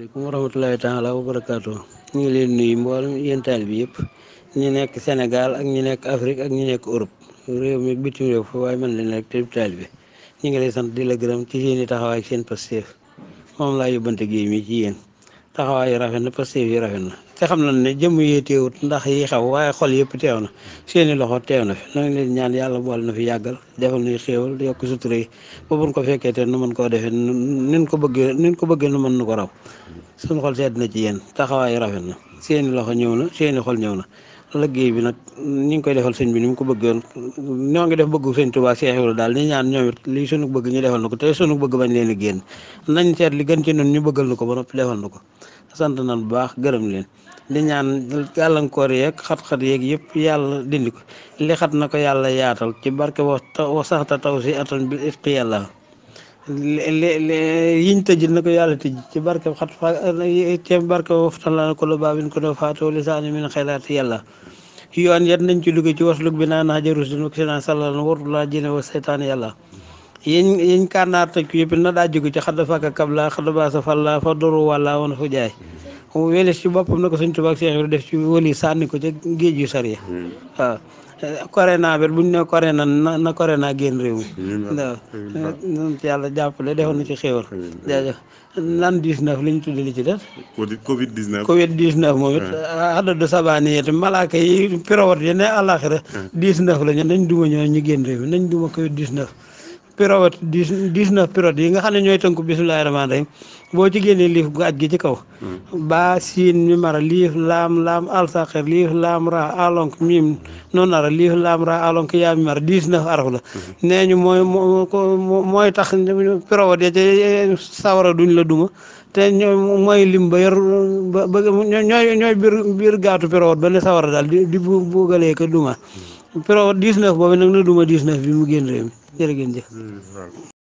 aleykum wa rahmatullahi taala wa barakaatu ñu ngi leen nuyu mboolem yéen taalibe bi yëpp ñu nekk senegaal ak ñi nekk Afrique ak ñu nekk Europe réew mi bitim réew fa waaye man leen nekk te taalibe bi ñu ngi lay sant di la gërëm ci seen i taxawaay ak seen pasteef moom laa yóbbante géej mi ci yéen taxawaay yi rafet na pastéef yi rafet na te xam nañ ne jëmm yee teewut ndax yi xew waaye xol yëpp teew na seeni loxo teew na fi na ngi leen ñaan yàlla boole na fi yàggal defal nuy xéewal yokk sutura yi ba buñ ko fekkee te nu man koo defee nin ko bëggee nin ko bëggee nu mën nu ko raw suñu xol sedd na ci yéen taxawaay rafet na seeni loxo ñëw na seeni xol ñëw na liggéey bi nag ñu ngi koy defal sëñ bi ni mu ko bëggoon ñoo ngi def bëggu sëñ Tuubaa Seex Ibra daal ni ñaan ñoom it lii sunu bëgg ñu defal na ko te sunu bëgg bañ leen a génn nañ seet li gën ci ñun ñu bëggal na ko ba noppi defal na ko sant nañ bu baax gërëm leen di ñaan gàllankoor yeeg xat-xat yeeg yëpp yàlla dindi ko li xat na ko yàlla yaatal ci barke wa saxta taw si atan bi ifqi yàlla yiñ tëj na ko yàlla tëj ci barke xat fa ci barke waftan la ko lu baabin ko do faatoo lisaani min xayraati yàlla yoon yat ci dugg ci wasluk bi naan xajarus dinu sina sallalan wartulaa jine wa seytaan yàlla yiñ yiñ kànnaar tëj ko yëpp na daa jóg ci xadda fàkka kabla xadda baasa falla fa doru wàlla woon fu jaay welis ci boppam na ko suñ tubaak seex def ci wëli sànni ko ca géej yu sari hmm. waaw corona bi bu ñu ne corona na na corona génn réew mi waaw eh, ñun yàlla jàppale defoon na ci xew jaajëf lan 19 li ñu tudd li ci def covid 19 covid 19 moom it adadu ah, sabaani yi malaaka yi pirowat yi ne àlaxira 19 la ñu nañ duma ñoo ñu génn réew mi nañ duma covid 19 piroot dix dix neuf piroot yi nga xam ne ñooy tënku bisimilahi rahmaani rahim boo ci génnee liif gu aj gi ci kaw mm. ba siin mi mara liif laam laam alsaqir liif laam ra alonk miim noonu nara liif laam ra alonk yaa mi mara dix neuf la mm-hmm. nee ñu mooy tax piroot ya ca sawara duñ la duma te ñooy mooy lim ba yor ba ñooy ñooy biir gaatu piroot ba ne sawara daal di di buugalee ko duma mm. piroot dix boobu nag na duma dix bi mu génn réew jërë ngeen jëf. Hmm,